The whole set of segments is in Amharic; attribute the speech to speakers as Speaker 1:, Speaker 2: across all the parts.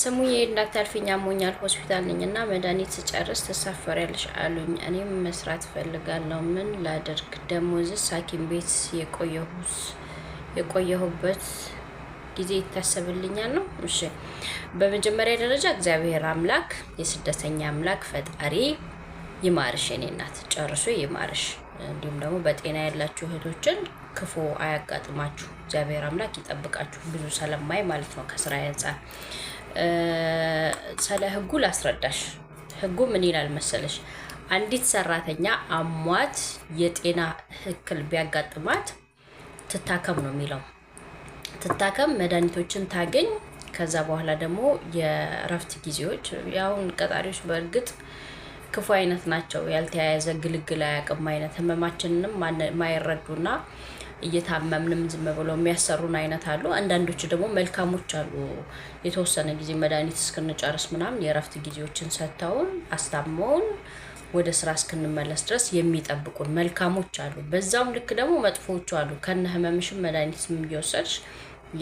Speaker 1: ስሙዬ እንዳታልፊኝ አሞኛል ሆስፒታል ነኝ እና መድኃኒት ስጨርስ ትሳፈሪያለሽ አሉኝ። እኔም መስራት ፈልጋለሁ። ምን ላደርግ? ደሞዝስ ሐኪም ቤት የቆየሁበት ጊዜ ይታሰብልኛል ነው? እሺ፣ በመጀመሪያ ደረጃ እግዚአብሔር አምላክ የስደተኛ አምላክ ፈጣሪ ይማርሽ፣ የኔ እናት ጨርሶ ይማርሽ። እንዲሁም ደግሞ በጤና ያላችሁ እህቶችን ክፉ አያጋጥማችሁ። እግዚአብሔር አምላክ ይጠብቃችሁ። ብዙ ሰለማይ ማለት ነው ከስራ ያንጻ ስለ ህጉ ላስረዳሽ። ህጉ ምን ይላል መሰለሽ? አንዲት ሰራተኛ አሟት የጤና እክል ቢያጋጥማት ትታከም ነው የሚለው። ትታከም፣ መድኃኒቶችን ታገኝ። ከዛ በኋላ ደግሞ የእረፍት ጊዜዎች የአሁን ቀጣሪዎች በእርግጥ ክፉ አይነት ናቸው። ያልተያያዘ ግልግል አያውቅም አይነት ህመማችንንም ማይረዱና እየታመምንም ዝም ብሎ የሚያሰሩን አይነት አሉ። አንዳንዶቹ ደግሞ መልካሞች አሉ። የተወሰነ ጊዜ መድኃኒት እስክንጨርስ ምናምን የእረፍት ጊዜዎችን ሰጥተውን አስታመውን ወደ ስራ እስክንመለስ ድረስ የሚጠብቁን መልካሞች አሉ። በዛውም ልክ ደግሞ መጥፎዎቹ አሉ። ከነ ህመምሽም መድኃኒት እየወሰድሽ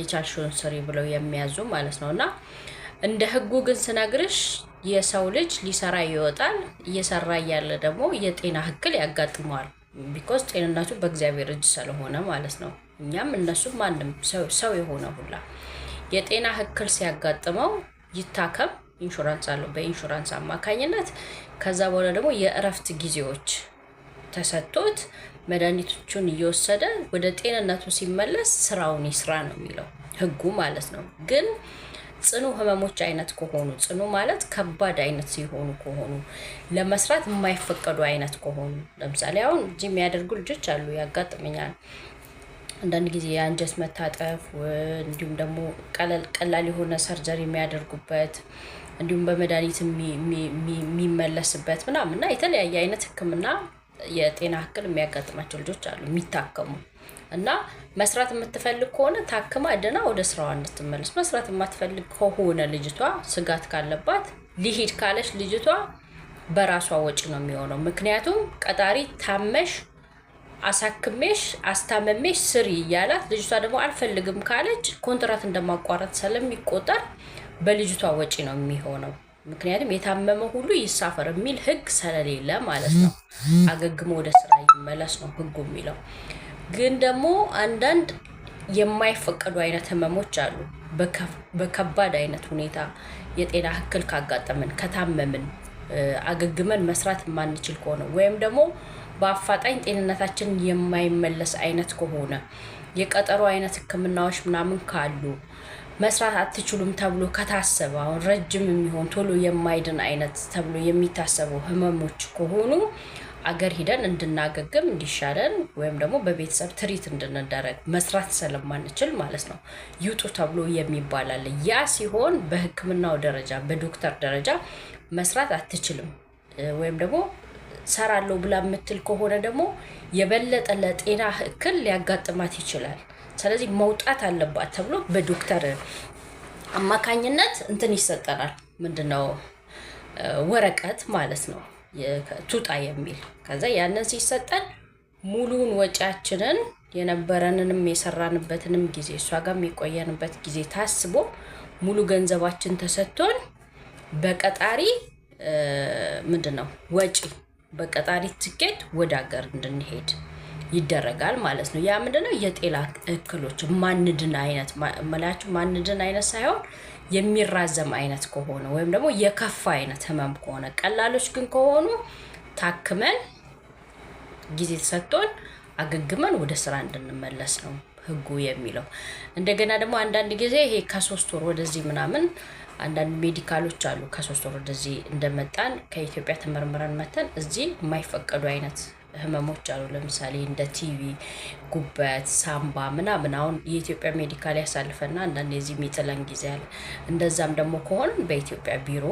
Speaker 1: የቻልሽውን ስሪ ብለው የሚያዙ ማለት ነው። እና እንደ ህጉ ግን ስነግርሽ የሰው ልጅ ሊሰራ ይወጣል። እየሰራ እያለ ደግሞ የጤና እክል ያጋጥመዋል። ቢኮዝ ጤንነቱ በእግዚአብሔር እጅ ስለሆነ ማለት ነው። እኛም እነሱም ማንም ሰው የሆነ ሁላ የጤና እክል ሲያጋጥመው ይታከም፣ ኢንሹራንስ አለው። በኢንሹራንስ አማካኝነት ከዛ በኋላ ደግሞ የእረፍት ጊዜዎች ተሰጥቶት መድኃኒቶቹን እየወሰደ ወደ ጤንነቱ ሲመለስ ስራውን ይስራ ነው የሚለው ህጉ ማለት ነው ግን ጽኑ ህመሞች አይነት ከሆኑ ጽኑ ማለት ከባድ አይነት ሲሆኑ ከሆኑ ለመስራት የማይፈቀዱ አይነት ከሆኑ ለምሳሌ አሁን እዚህ የሚያደርጉ ልጆች አሉ፣ ያጋጥመኛል አንዳንድ ጊዜ የአንጀት መታጠፍ እንዲሁም ደግሞ ቀላል የሆነ ሰርጀሪ የሚያደርጉበት እንዲሁም በመድኃኒት የሚመለስበት ምናምን እና የተለያየ አይነት ህክምና የጤና እክል የሚያጋጥማቸው ልጆች አሉ የሚታከሙ እና መስራት የምትፈልግ ከሆነ ታክማ ድና ወደ ስራዋ እንድትመለስ፣ መስራት የማትፈልግ ከሆነ ልጅቷ ስጋት ካለባት ሊሂድ ካለች ልጅቷ በራሷ ወጪ ነው የሚሆነው። ምክንያቱም ቀጣሪ ታመሽ አሳክሜሽ አስታመሜሽ ስሪ እያላት ልጅቷ ደግሞ አልፈልግም ካለች ኮንትራት እንደማቋረጥ ስለሚቆጠር በልጅቷ ወጪ ነው የሚሆነው። ምክንያቱም የታመመ ሁሉ ይሳፈር የሚል ህግ ስለሌለ ማለት ነው። አገግሞ ወደ ስራ ይመለስ ነው ህጉ የሚለው። ግን ደግሞ አንዳንድ የማይፈቀዱ አይነት ህመሞች አሉ። በከባድ አይነት ሁኔታ የጤና እክል ካጋጠመን ከታመምን አገግመን መስራት የማንችል ከሆነ ወይም ደግሞ በአፋጣኝ ጤንነታችን የማይመለስ አይነት ከሆነ የቀጠሮ አይነት ህክምናዎች ምናምን ካሉ መስራት አትችሉም ተብሎ ከታሰበ አሁን ረጅም የሚሆን ቶሎ የማይድን አይነት ተብሎ የሚታሰቡ ህመሞች ከሆኑ አገር ሂደን እንድናገግም እንዲሻለን ወይም ደግሞ በቤተሰብ ትሪት እንድንደረግ መስራት ስለማንችል ማለት ነው ይውጡ ተብሎ የሚባል ያ ሲሆን በህክምናው ደረጃ በዶክተር ደረጃ መስራት አትችልም ወይም ደግሞ ሰራለሁ ብላ የምትል ከሆነ ደግሞ የበለጠ ለጤና እክል ሊያጋጥማት ይችላል። ስለዚህ መውጣት አለባት ተብሎ በዶክተር አማካኝነት እንትን ይሰጠናል። ምንድነው ወረቀት ማለት ነው። ቱጣ የሚል ከዛ ያንን ሲሰጠን ሙሉውን ወጪያችንን የነበረንንም የሰራንበትንም ጊዜ እሷ ጋር የሚቆየንበት ጊዜ ታስቦ ሙሉ ገንዘባችን ተሰጥቶን በቀጣሪ ምንድን ነው ወጪ በቀጣሪ ትኬት ወደ ሀገር እንድንሄድ ይደረጋል ማለት ነው። ያ ምንድነው የጤና እክሎች ማንድን አይነት መላችሁ ማንድን አይነት ሳይሆን የሚራዘም አይነት ከሆነ ወይም ደግሞ የከፋ አይነት ህመም ከሆነ፣ ቀላሎች ግን ከሆኑ ታክመን ጊዜ ተሰጥቶን አገግመን ወደ ስራ እንድንመለስ ነው ህጉ የሚለው። እንደገና ደግሞ አንዳንድ ጊዜ ይሄ ከሶስት ወር ወደዚህ ምናምን አንዳንድ ሜዲካሎች አሉ። ከሶስት ወር ወደዚህ እንደመጣን ከኢትዮጵያ ተመርምረን መተን እዚህ የማይፈቀዱ አይነት ህመሞች አሉ። ለምሳሌ እንደ ቲቪ፣ ጉበት፣ ሳምባ ምናምን አሁን የኢትዮጵያ ሜዲካል ያሳልፈና አንዳንድ የዚህ የሚጥለን ጊዜ አለ። እንደዛም ደግሞ ከሆን በኢትዮጵያ ቢሮ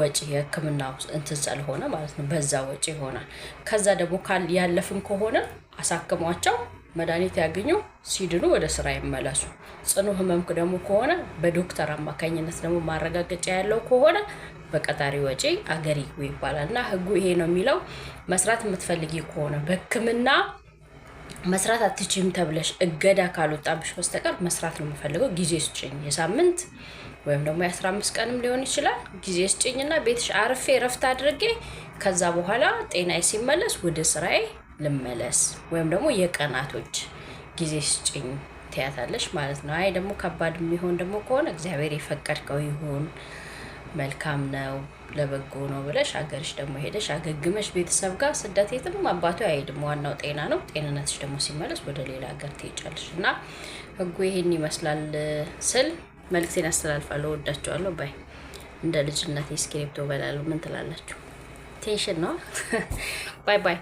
Speaker 1: ወጪ የህክምና እንትን ስለሆነ ማለት ነው በዛ ወጪ ይሆናል። ከዛ ደግሞ ያለፍን ከሆነ አሳክሟቸው መድኃኒት ያገኙ፣ ሲድኑ ወደ ስራ ይመለሱ። ጽኑ ህመም ደግሞ ከሆነ በዶክተር አማካኝነት ደግሞ ማረጋገጫ ያለው ከሆነ በቀጣሪ ወጪ አገር ይግቡ ይባላል እና ህጉ ይሄ ነው የሚለው። መስራት የምትፈልጊ ከሆነ በህክምና መስራት አትችም ተብለሽ እገዳ ካልወጣብሽ በስተቀር መስራት ነው የምፈልገው፣ ጊዜ ስጭኝ፣ የሳምንት ወይም ደግሞ የ15 ቀንም ሊሆን ይችላል። ጊዜ ስጭኝና ቤትሽ አርፌ ረፍት አድርጌ ከዛ በኋላ ጤናዬ ሲመለስ ወደ ስራዬ ልመለስ ወይም ደግሞ የቀናቶች ጊዜ ስጭኝ ትያታለች ማለት ነው። አይ ደግሞ ከባድ የሚሆን ደግሞ ከሆነ እግዚአብሔር የፈቀድከው ይሁን መልካም ነው ለበጎ ነው ብለሽ አገርሽ ደግሞ ሄደሽ አገግመሽ ቤተሰብ ጋር። ስደት የትም አባቱ አይሄድም፣ ዋናው ጤና ነው። ጤንነትሽ ደግሞ ሲመለስ ወደ ሌላ ሀገር ትሄጃለሽ እና ህጉ ይሄን ይመስላል ስል መልክቴን አስተላልፋለሁ። ወዳቸዋለሁ። ባይ እንደ ልጅነት ስክሪፕቶ በላለሁ። ምን ትላላችሁ? ቴንሽን ነው። ባይ ባይ